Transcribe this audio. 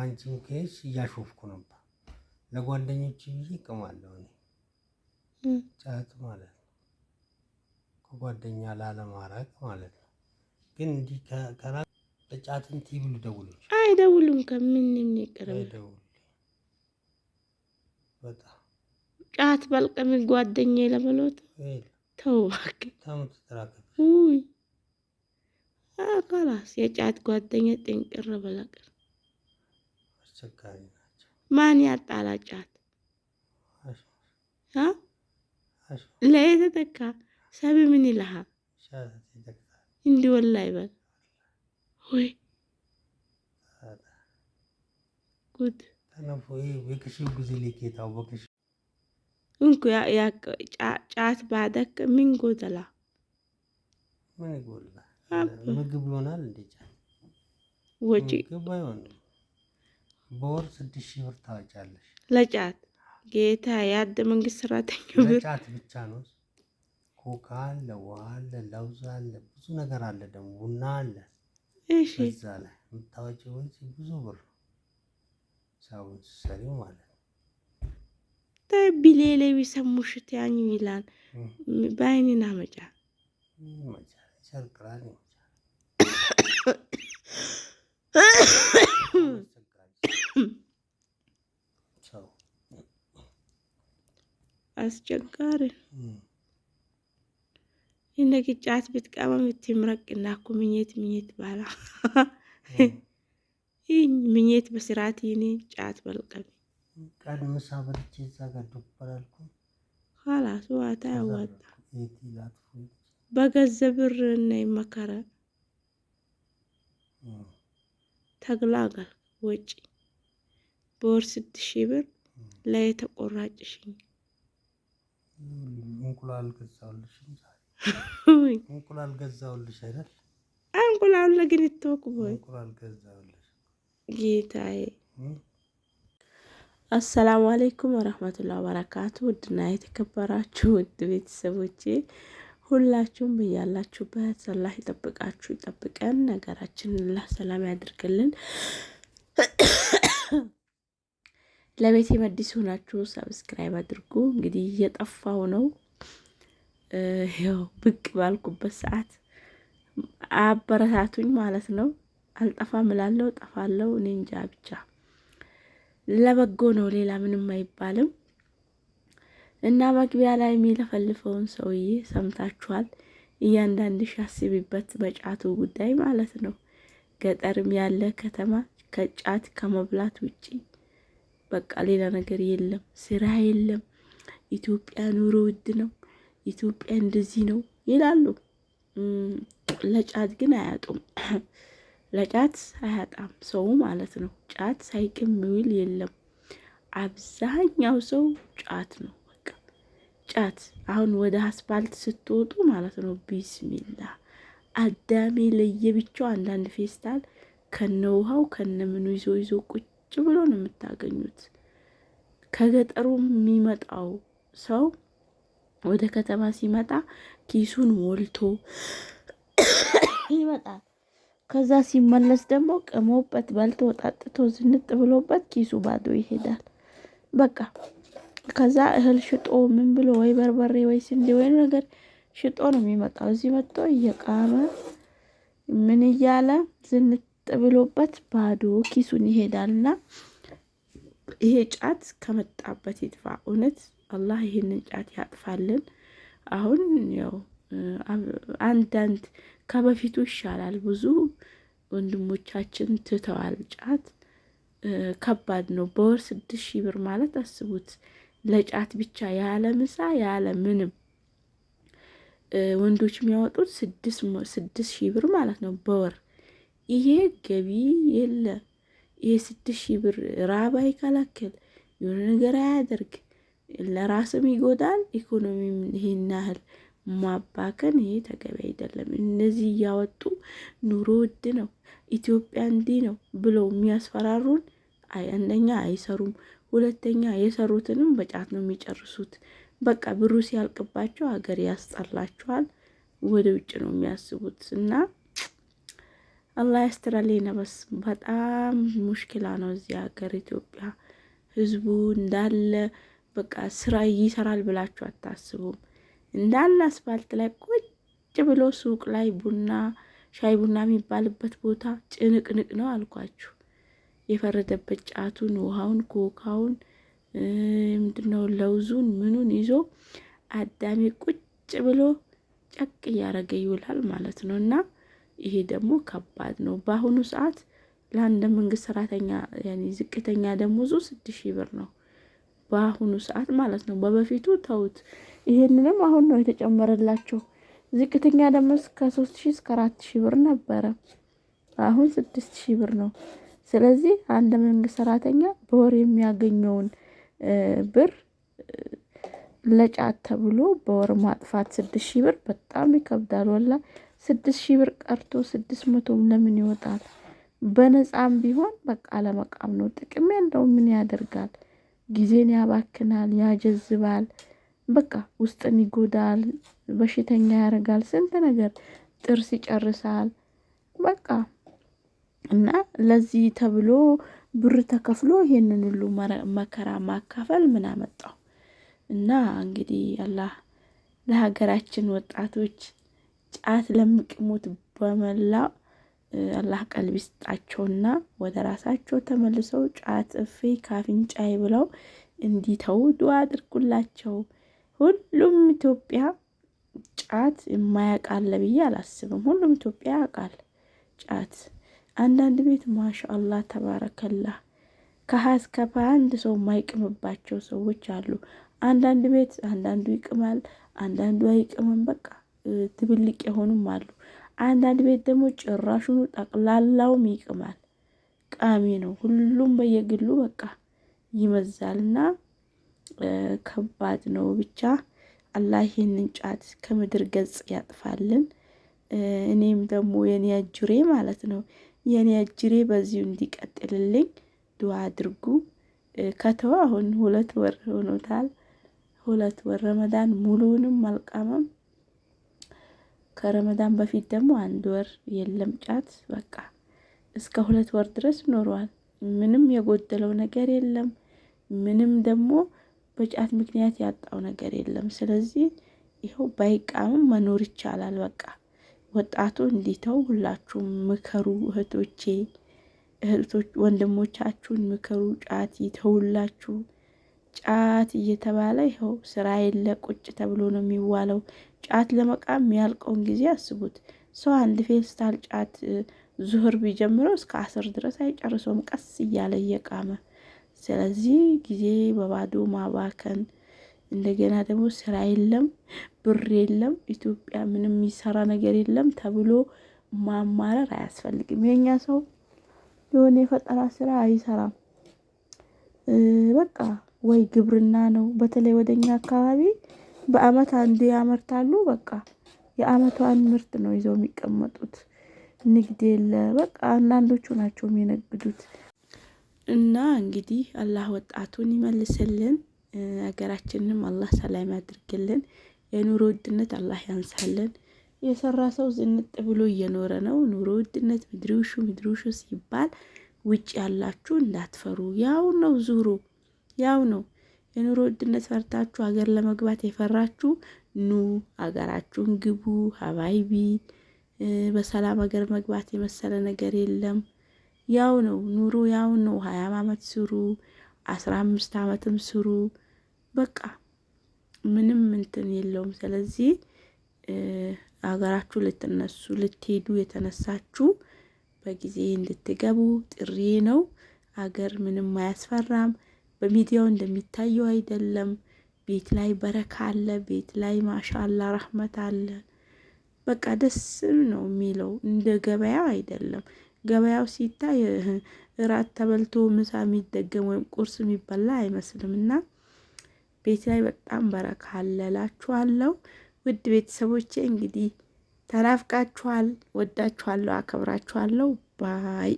አንቺ ከሄድሽ እያሾፍኩ ነበር። ለጓደኞች ብዬ እቅማለሁ እኔ ጫት ማለት ነው፣ ከጓደኛ ላለማራቅ ማለት ነው። ግን እንዲህ ከራ በጫትን ቲቪ ልደውሎች አይደውሉም። ከምን የሚቀርብ አይደውሉም። በጣም ጫት በልቀም ጓደኛ ለበሎት ተውባክ ታምት ተራከ ኡይ አካላስ የጫት ጓደኛ ጥንቅር በላቀር ማን ያጣላጫት? ለየተተካ ሰብ ምን ይልሃል? እንዲወላ ወላሂ በል ወይ ጉድ እንኩ ጫት ባደክ ምን ጎደላ? ምግብ ይሆናል እንዴ? ጫት ወጪ በወር ስድስት ሺህ ብር ታወጫለሽ ለጫት። ጌታ የአድ መንግስት ሰራተኛ ብር ለጫት ብቻ ነው። ኮካ አለ፣ ውሃ አለ፣ ለውዝ አለ፣ ብዙ ነገር አለ፣ ደግሞ ቡና አለ። እሺ እዛ ላይ የምታወጪው ወንጭ ብዙ ብር ሳውን ሰሪው ማለት ነው። ቢሌሌ ቢሰሙሽ ያኝ ይላል በአይኔና መጫ መጫ ይሰርቅራል መጫ አስቸጋሪ እንደ ግጫት ብትቀባ ምትምረቅና እኮ ምኘት ምኘት ባላ ምኘት በስርዓት ይኔ ጫት በልቀብ ቃል በልቼ እዛ ጋር ኋላሱ ዋታ ያዋጣ በገንዘብ ብር እና መከራ ተግላጋል ወጪ በወር ስድስት ሺህ ብር ላይ ተቆራጭ እንቁላል ገዛሁልሽም ዛሬ እንቁላል ገዛሁልሽ አይደል? እንቁላል ለግን ይተወኩ ወይ እንቁላል ገዛሁልሽ ጌታዬ። አሰላሙ አለይኩም ወረህመቱላ ወበረካቱ። ውድና የተከበራችሁ ውድ ቤተሰቦቼ ሁላችሁም በያላችሁበት አላህ ይጠብቃችሁ፣ ይጠብቀን፣ ነገራችንን አላህ ሰላም ያድርግልን። ለቤት የመዲስ ሆናችሁ ሰብስክራይብ አድርጉ። እንግዲህ እየጠፋው ነው። ያው ብቅ ባልኩበት ሰዓት አበረታቱኝ ማለት ነው። አልጠፋም እላለሁ፣ ጠፋለሁ። እኔ እንጃ ብቻ ለበጎ ነው፣ ሌላ ምንም አይባልም። እና መግቢያ ላይ የሚለፈልፈውን ሰውዬ ሰምታችኋል። እያንዳንድሽ አስቢበት በጫቱ ጉዳይ ማለት ነው። ገጠርም ያለ ከተማ ከጫት ከመብላት ውጪ በቃ ሌላ ነገር የለም፣ ስራ የለም፣ ኢትዮጵያ ኑሮ ውድ ነው፣ ኢትዮጵያ እንደዚህ ነው ይላሉ። ለጫት ግን አያጡም። ለጫት አያጣም ሰው ማለት ነው። ጫት ሳይቅም የሚውል የለም። አብዛኛው ሰው ጫት ነው በቃ ጫት። አሁን ወደ አስፋልት ስትወጡ ማለት ነው ቢስሚላ አዳሜ ለየብቻው አንዳንድ ፌስታል ከነ ውሃው ከነ ምኑ ይዞ ይዞ ቁጭ ብሎ ነው የምታገኙት። ከገጠሩ የሚመጣው ሰው ወደ ከተማ ሲመጣ ኪሱን ሞልቶ ይመጣል። ከዛ ሲመለስ ደግሞ ቅሞበት በልቶ ጠጥቶ ዝንጥ ብሎበት ኪሱ ባዶ ይሄዳል። በቃ ከዛ እህል ሽጦ ምን ብሎ ወይ በርበሬ ወይ ስንዴ ወይ ነገር ሽጦ ነው የሚመጣው። እዚህ መጥቶ እየቃመ ምን እያለ ዝንጥ ብሎበት ባዶ ኪሱን ይሄዳልና ይሄ ጫት ከመጣበት ይጥፋ። እውነት አላህ ይህንን ጫት ያጥፋልን። አሁን ያው አንዳንድ ከበፊቱ ይሻላል። ብዙ ወንድሞቻችን ትተዋል። ጫት ከባድ ነው። በወር ስድስት ሺህ ብር ማለት አስቡት። ለጫት ብቻ ያለ ምሳ ያለ ምንም ወንዶች የሚያወጡት ስድስት ሺህ ብር ማለት ነው በወር ይሄ ገቢ የለ ይሄ ስድስት ሺህ ብር ራብ አይከላከል የሆነ ነገር አያደርግ ለራስም ይጎዳል፣ ኢኮኖሚም ይሄን ያህል ማባከን ይሄ ተገቢ አይደለም። እነዚህ እያወጡ ኑሮ ውድ ነው ኢትዮጵያ እንዲህ ነው ብለው የሚያስፈራሩን አንደኛ አይሰሩም፣ ሁለተኛ የሰሩትንም በጫት ነው የሚጨርሱት። በቃ ብሩ ሲያልቅባቸው ሀገር ያስጠላቸዋል፣ ወደ ውጭ ነው የሚያስቡት እና አላህ ያስተራልኝ ነበስ በጣም ሙሽኪላ ነው። እዚህ ሀገር ኢትዮጵያ ህዝቡ እንዳለ በቃ ስራ ይሰራል ብላችሁ አታስቡም። እንዳለ አስፋልት ላይ ቁጭ ብሎ ሱቅ ላይ ቡና ሻይ ቡና የሚባልበት ቦታ ጭንቅንቅ ነው አልኳችሁ። የፈረደበት ጫቱን፣ ውሃውን፣ ኮካውን ምንድነው ለውዙን ምኑን ይዞ አዳሜ ቁጭ ብሎ ጨቅ እያደረገ ይውላል ማለት ነው እና ይሄ ደግሞ ከባድ ነው። በአሁኑ ሰዓት ለአንድ መንግስት ሰራተኛ ዝቅተኛ ደሞዙ ስድስት ሺህ ብር ነው በአሁኑ ሰዓት ማለት ነው። በበፊቱ ተውት። ይሄንንም አሁን ነው የተጨመረላቸው። ዝቅተኛ ደሞዝ ከሶስት ሺህ እስከ አራት ሺህ ብር ነበረ። አሁን ስድስት ሺህ ብር ነው። ስለዚህ አንድ መንግስት ሰራተኛ በወር የሚያገኘውን ብር ለጫት ተብሎ በወር ማጥፋት ስድስት ሺህ ብር በጣም ይከብዳል ወላ ስድስት ሺህ ብር ቀርቶ ስድስት መቶ ለምን ይወጣል? በነፃም ቢሆን በቃ ለመቃም ነው። ጥቅም ያለው ምን ያደርጋል? ጊዜን ያባክናል፣ ያጀዝባል፣ በቃ ውስጥን ይጎዳል፣ በሽተኛ ያደርጋል፣ ስንት ነገር ጥርስ ይጨርሳል። በቃ እና ለዚህ ተብሎ ብር ተከፍሎ ይሄንን ሁሉ መከራ ማካፈል ምን አመጣው? እና እንግዲህ አላህ ለሀገራችን ወጣቶች ጫት ለሚቅሙት በመላ አላህ ቀልብ ይስጣቸውና ወደ ራሳቸው ተመልሰው ጫት እፌ ካፍንጫይ ብለው እንዲተው ዱዓ አድርጉላቸው። ሁሉም ኢትዮጵያ ጫት የማያውቃለ ብዬ አላስብም። ሁሉም ኢትዮጵያ ያውቃል ጫት። አንዳንድ ቤት ማሻ አላህ ተባረከላህ ከሀያ አንድ ሰው የማይቅምባቸው ሰዎች አሉ። አንዳንድ ቤት አንዳንዱ ይቅማል፣ አንዳንዱ አይቅምም። በቃ ትብልቅ የሆኑም አሉ። አንዳንድ ቤት ደግሞ ጭራሹኑ ጠቅላላውም ይቅማል። ቃሚ ነው። ሁሉም በየግሉ በቃ ይመዛልና ከባድ ነው። ብቻ አላህ ይህንን ጫት ከምድር ገጽ ያጥፋልን። እኔም ደግሞ የኔ አጅሬ ማለት ነው የኔ አጅሬ በዚሁ እንዲቀጥልልኝ ዱዓ አድርጉ። ከተው አሁን ሁለት ወር ሆኖታል። ሁለት ወር ረመዳን ሙሉውንም አልቃመም። ከረመዳን በፊት ደግሞ አንድ ወር የለም ጫት በቃ እስከ ሁለት ወር ድረስ ኖረዋል። ምንም የጎደለው ነገር የለም። ምንም ደግሞ በጫት ምክንያት ያጣው ነገር የለም። ስለዚህ ይኸው ባይቃምም መኖር ይቻላል። በቃ ወጣቱ እንዲተው ሁላችሁም ምከሩ። እህቶቼ እህቶች፣ ወንድሞቻችሁን ምከሩ። ጫት ይተውላችሁ። ጫት እየተባለ ይኸው ስራ የለ ቁጭ ተብሎ ነው የሚዋለው። ጫት ለመቃም የሚያልቀውን ጊዜ አስቡት። ሰው አንድ ፌስታል ጫት ዙህር ቢጀምረው እስከ አስር ድረስ አይጨርሰውም፣ ቀስ እያለ እየቃመ። ስለዚህ ጊዜ በባዶ ማባከን እንደገና ደግሞ ስራ የለም፣ ብር የለም፣ ኢትዮጵያ ምንም የሚሰራ ነገር የለም ተብሎ ማማረር አያስፈልግም። የኛ ሰው የሆነ የፈጠራ ስራ አይሰራም። በቃ ወይ ግብርና ነው። በተለይ ወደኛ አካባቢ በአመት አንዴ ያመርታሉ በቃ የአመቷን ምርት ነው ይዘው የሚቀመጡት። ንግድ የለ በቃ አንዳንዶቹ ናቸው የሚነግዱት። እና እንግዲህ አላህ ወጣቱን ይመልስልን ሀገራችንንም አላህ ሰላም ያድርግልን። የኑሮ ውድነት አላህ ያንሳልን። የሰራ ሰው ዝንጥ ብሎ እየኖረ ነው። ኑሮ ውድነት ምድሪውሹ ምድሪውሹ ሲባል ውጭ ያላችሁ እንዳትፈሩ። ያው ነው ዙሮ ያው ነው የኑሮ ውድነት ፈርታችሁ ሀገር ለመግባት የፈራችሁ ኑ ሀገራችሁን ግቡ። ሀባይቢ በሰላም ሀገር መግባት የመሰለ ነገር የለም። ያው ነው ኑሮ፣ ያው ነው። ሀያም አመት ስሩ፣ አስራ አምስት አመትም ስሩ። በቃ ምንም እንትን የለውም። ስለዚህ ሀገራችሁ ልትነሱ ልትሄዱ የተነሳችሁ በጊዜ እንድትገቡ ጥሪ ነው። ሀገር ምንም አያስፈራም። በሚዲያው እንደሚታየው አይደለም። ቤት ላይ በረካ አለ። ቤት ላይ ማሻላ ረህመት አለ። በቃ ደስም ነው የሚለው። እንደ ገበያው አይደለም። ገበያው ሲታይ እራት ተበልቶ ምሳ የሚደገም ወይም ቁርስ የሚበላ አይመስልም። እና ቤት ላይ በጣም በረካ አለ እላችኋለሁ። ውድ ቤተሰቦቼ እንግዲህ ተናፍቃችኋል። ወዳችኋለሁ፣ አከብራችኋለሁ። ባይ